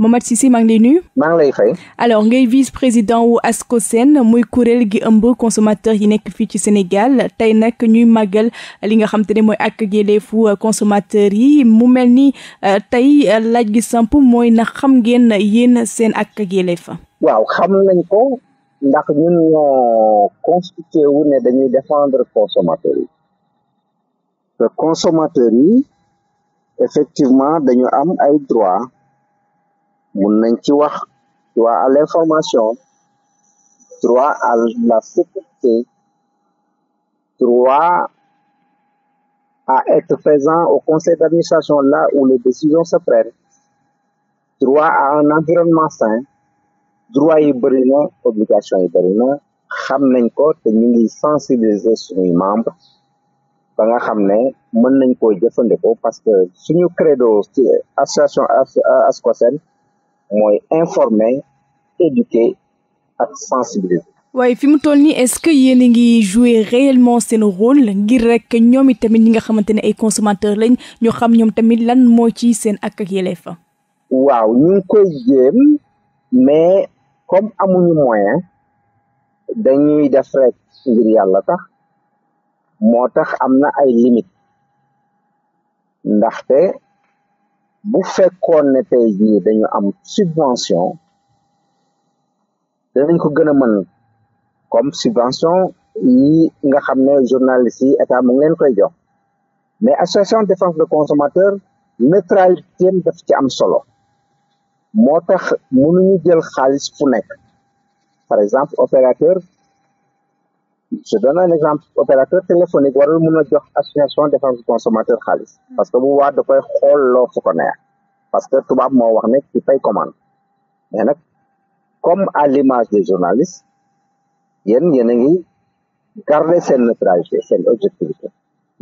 Momath Cissé maa ngi lay nuyu. maa ngi lay fay. alors ngay vice président wu ASCOSEN muy kuréel gi ëmb consommateur yi nekk fii ci Sénégal tey nag ñuy màggal li nga xam te ne mooy ak yelleefu consommateur yi mu mel ni euh, tey laaj gi samp mooy na xam ngeen yéen seen ak yelleef. waaw xam nañ ko ndax ñun ñoo constitué wu ne dañuy défendre consommateur yi te consommateur dañu am ay droit mun nañ ci wax droit à l'information droit à la sécurité droit à être présent au conseil d'administration là où les décisions se prennent droit à un environnement sain droit yi bëri na obligation yi bëri na xam nañ ko te ñu ngi sensibiliser suñuy membre ba nga xam ne mën nañ koo jëfandikoo parce que suñu credo ci association ASCOSEN mooy informer éduquer ak sensibiliser. waaye fi mu toll nii est-ce que yéen a ngi jouer réellement seen rôle ngir rek ñoom tamit ñi nga xamante ne ay consommateurs lañ ñu xam ñoom tamit lan moo ci seen ak ak yelleef fa waaw ñu ngi koy jéem mais comme amuñu moyen dañuy def rekk ngir yàlla tax moo tax am na ay limites ndaxte. bu fekkoon ne tey jii dañu am subvention danañ ko gën a mën comme subvention yi nga xam ne journalistes yi état mu leen koy jox mais association défense de consommateur neutralité daf ci am solo moo tax mënuñu jël xaalis fu nekk par exemple opérateur je donne un exemple opérateur téléphonique warul mun a jox association défense consommateur xaalis parce que bu waa da koy xool loo fu ko neex parce que tubaab moo wax ne ci pay commande mais nag comme à l'image des journalistes yéen yéen a ngi garder seen neutralité seen objectivité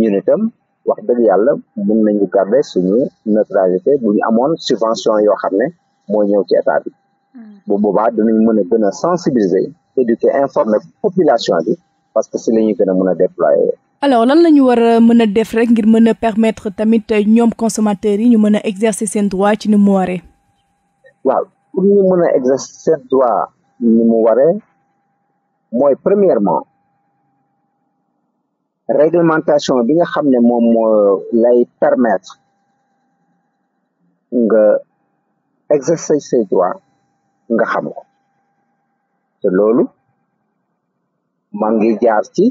ñun itam wax dëgg yàlla mun nañu garder suñu neutralité bu ñu amoon subvention yoo xam ne moo ñëw ci état bi hmm. bu boobaa dinañ mën a gën a sensibiliser éduquer informer population bi parce que si la ñuy gën a mën a déployer. alors lan la ñu war a mën a def rek ngir mën a permettre tamit ñoom consommateurs yi ñu mën a exercer seen droit ci ni mu waree. waaw pour ñu mën a exercer seen droit ni mu waree mooy premièrement réglementation bi nga xam ne moom moo lay permettre nga exercer ses droits nga xam ko te loolu. maa ngi jaar ci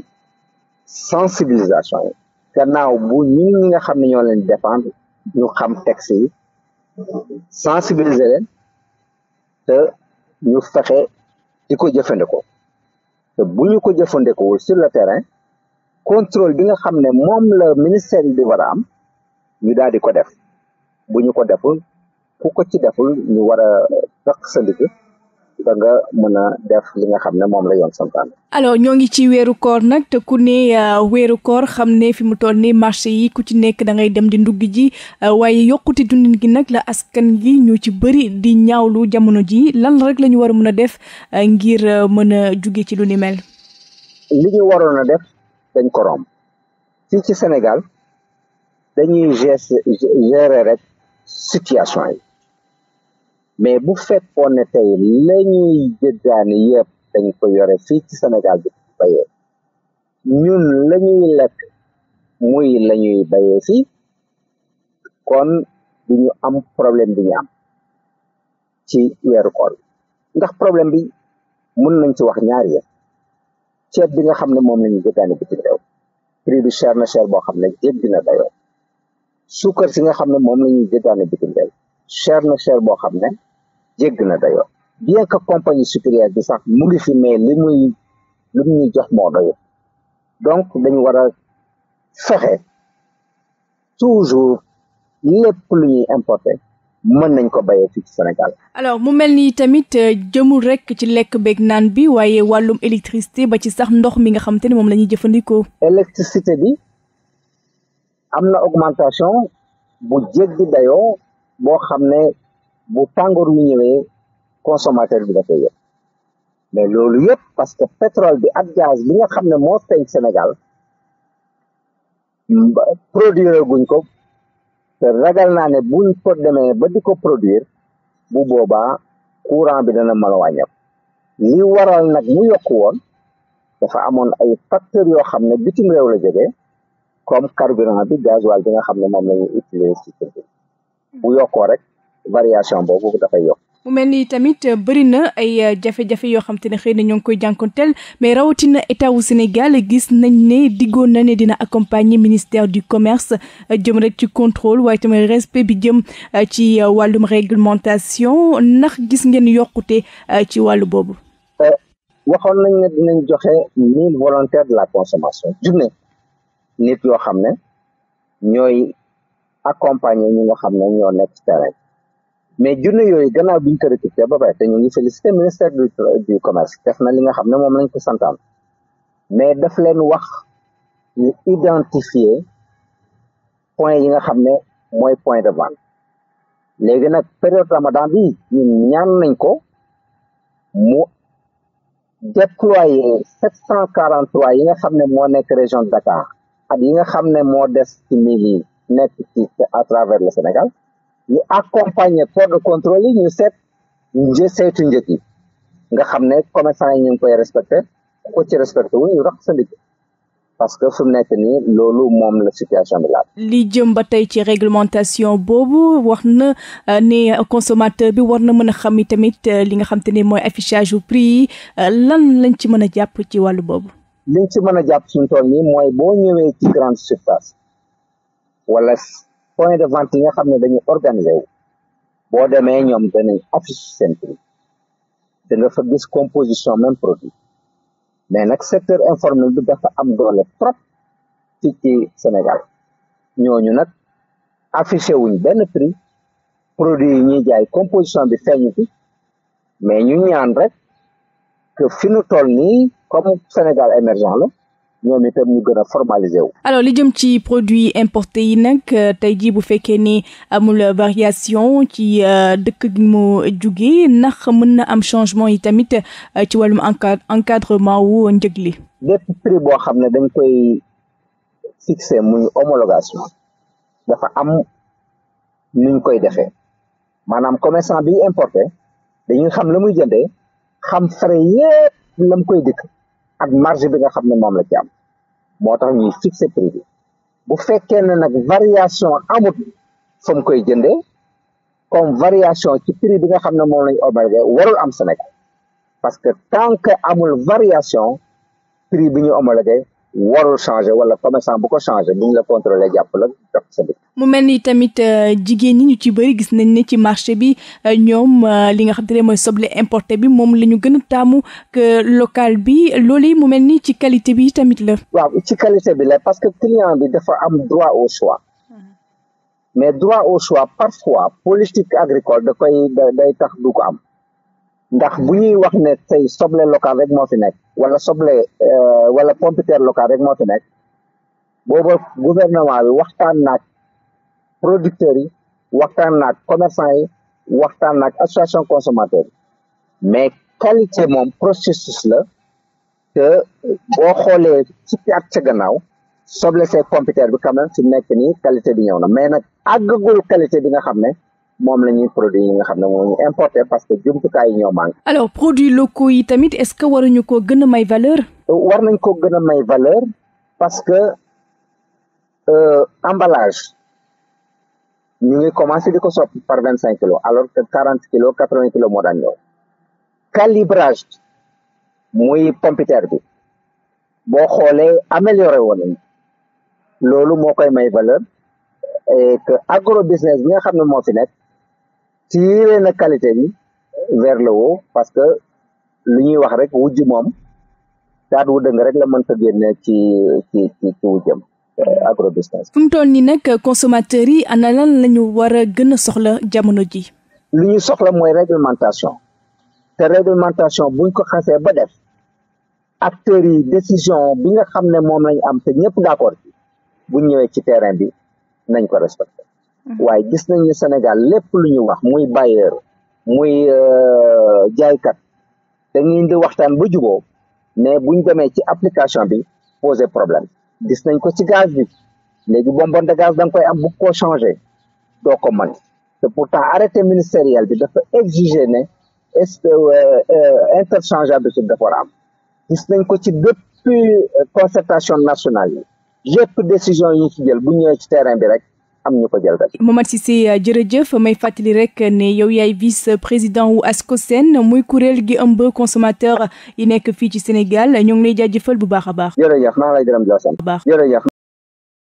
sensibilisation yi gannaaw bu ñi nga xam ne ñoo leen défendre ñu xam texte yi sensibiliser leen te ñu fexe di ko jëfandikoo te bu ñu ko jëfandikoowul sur le terrain contrôle bi nga xam ne moom la ministère yi di war a am ñu daal di ko def bu ñu ko deful ku ko ci deful ñu war a sa ndigg ba nga mën a def li nga xam ne moom la yoon santaan alors ñoo ngi ci weeru koor nag te ku ne euh, weeru koor xam ne fi mu toll ni marché yi ku ci nekk da ngay dem di ndugg ji euh, waaye yokkute dundin gi nag la askan gi ñu ci bëri di ñaawlu jamono ji lan rek la war a mën a def euh, ngir mën a juge ci lu ni mel li ñu waroon a def dañ ko romb fii ci Sénégal dañuy gérer rek situation yi mais bu fekkoon ne tey la ñuy jëggaani yëpp dañ ko yore fii ci senegal bi bayee ñun la ñuy lekk muy lañuy ñuy bayee fii kon du ñu am problème bi ñu am ci weeru koor ndax problème bi mën nañ ci wax ñaar yëpp ceeb bi nga xam ne moom la ñu jëggaani bitim réew prix cher na cher boo xam ne jéggi na dayoo suukar si nga xam ne moom la jëggaani bitim réew cher na cher boo xam ne jégg na dayoo bien que compagnie supérieure bi sax mu ngi fi mais li muy li muy jox moo doyoo donc dañu war a fexe toujours lépp lu ñuy importer mën nañ ko bayee fii ci Sénégal. alors mu mel ni tamit euh, jëmul rekk ci lekk beeg naan bi waaye wàllum électricité ba ci sax ndox mi nga xam te ne moom lañuy ñuy jëfandikoo. électricité bi am na augmentation bu jéggi dayoo. boo xam ne bu tàngoor wi ñëwee consommateur bi dafay yëpp mais loolu yëpp parce que pétrole bi ak gaz bi nga xam ne moo feeñ senegal produire guñ ko te ragal naa ne buñ ko demee ba di ko produire bu boobaa courant bi dana mën a wàññeeku li waral nag mu yokk woon dafa amoon ay facteurs yoo xam ne bitim réew la jógee comme carburant bi gasoil bi nga xam ne moom la ñuy utiliser bu yokkoo rek variation boobu dafay yokk. mu mel ni tamit bëri na ay jafe-jafe yoo xam te ne xëy na ñoo ngi koy jànkonteel mais rawatina état wu Sénégal gis nañ ne diggoon na ne dina accompagner ministère du commerce jëm rek ci contrôle waaye tamit respect bi jëm ci wàllum réglementation ndax gis ngeen yokkute ci wàllu boobu. Eh, waxoon nañ ne dinañ joxe mille volontaires de la consommation journée nit yoo xam ne ñooy accompagner yi nga xam ne ñoo nekk ci terrain mais junne yooyu gannaaw bi ñu ko recruté ba pare te ñu ngi félicité ministère du du commerce def na li nga xam ne moom lañ ko santaan mais def leen wax ñu identifier point yi nga xam ne mooy point de vente léegi nag période ramadan bi ñaan nañ ko mu déployé sept cent quarante trois yi nga xam ne moo nekk région de Dakar ak yi nga xam ne moo des ci mille yi nekk ci à travers Sénégal ñu accompagner port le contrôle yi ñu seet një saytu njëg yi nga xam ne commerçant yi ñu koy respecté ko ci respecté wu ñu rax sa liggéey parce que fu mu nekk nii loolu moom la situation bi laal. li jëm ba tey ci réglementation boobu wax na euh, ne consommateur bi war na mën a xam tamit euh, li nga xam te ne mooy affichage wu prix yi euh, lan lañ ci mën a jàpp ci wàll boobu. liñ ci mën a jàpp suñu tool nii mooy boo ñëwee ci grande surface wala point de vente yi nga xam ne dañuy organiser boo demee ñoom danañ affiche seen prix da fa gis composition même produit mais nag secteur informel bi dafa am doole trop fii ci Sénégal ñooñu nag affiché wuñ benn prix produit yi ñuy jaay composition bi feeñu fi mais ñu ñaan rek que fi nu toll nii comme Sénégal émergent la ñoom itam ñu gën a formalisé wu. alors li jëm ci produit importés yi nag euh, tey jii bu fekkee ni amul variation ci euh, dëkk gi mu jóge ndax mën na am changement yi tamit euh, ci wàllum encadrement wu njëg li. bépp prix boo xam ne dañ koy fixé muy homologation dafa am nuñ koy defee maanaam commerçant bi importé dañuy xam la muy jëndee xam frais yépp lam koy dikk ak marge bi nga xam ne moom la ci am moo tax ñuy fixer prix bi bu fekkee ne nag variation amut fa koy jëndee comme variation ci prix bi nga xam ne moom lañu homologué warul am Sénégal parce que tant que amul variation prix bi ñu homologué warul changer wala commerçant bu ko changer bu ñu la contrôler jàpp la mu mel ni tamit euh, jigéen ñi ñu ci bëri gis nañ ne ci marché bi euh, ñoom euh, li nga xam te ne mooy soble importé bi moom la ñu gën a taamu que local bi loolu yi mu mel ni ci qualité bi tamit la. waaw ci qualité bi la parce que client bi dafa am droit au choix. Mmh. mais droit au choix parfois politique agricole da koy day tax du ko am. ndax bu ñuy wax ne tey soble local rek moo fi nekk wala soble euh, wala pompiteer local rek moo fi nekk booba gouvernement bi waxtaan naag producteurs yi waxtaan naag commerçant yi waxtaan ak association consommateur yi mais qualité moom processus la que boo xoolee ci at ca gannaaw soble see pompiteer bi quand si fi nekk nii qualité bi ñëw na mais nag àggagul qualité bi nga xam ne moom la ñuy produit yi nga xam ne moom ñu parce que jumtukaay yi ñoo manqué. alors produits locaux yi tamit est-ce que waruñu koo gën a may valeur. war nañ koo gën a may valeur parce que euh, emballage ñu ngi commencé di ko soppi par vingt cinq kilos alors que quarante kilos quatre vingt kilos moo daan ñëw calibrage muy pompiteer bi boo xoolee amélioré woon loolu moo koy may valeur et que agro business bi nga xam ne moo fi nekk. tiire na qualité bi vers le haut parce que lu ñuy wax rek wujj moom daat wu dëng rek la mënta génne ci ci ci ci wujjam euh, agrobusiness fu mu toll nii nag consommateurs yi ana lan la ñu war gën a soxla jamono ji lu ñu soxla mooy réglementation te réglementation buñ ko xasee ba def acteurs yi décision bi nga xam ne moom lañ am te ñëpp d'accord ci buñ ñëwee ci terrain bi nañ ko respecté Mhm. waaye gis nañ ne Sénégal lépp lu ñu wax muy bailleur muy euh, jaaykat dañuy indi waxtaan bu juboo mais buñ demee ci application bi poser problème gis nañ ko ci gaz bi léegi bonbon de gaz da nga koy am bu ko changé doo ko mën te pourtant arrêté ministériel bi dafa exiger ne est-ce que euh, euh, de dafa war a am gis nañ ko ci depuis concertation nationale yi yëpp décision yi ñu jël bu ñëwee ci terrain bi rek am ñu ko jalgati. Momar Cissé jërëjëf may fàttali rek ne yow yaay vice président wu seen muy kuréel gi ëmb consommateur yi nekk fii ci Sénégal ñoo ngi lay jaajëfal bu baax a baax. jërëjëf maa la sant. bu baax jërëjëf.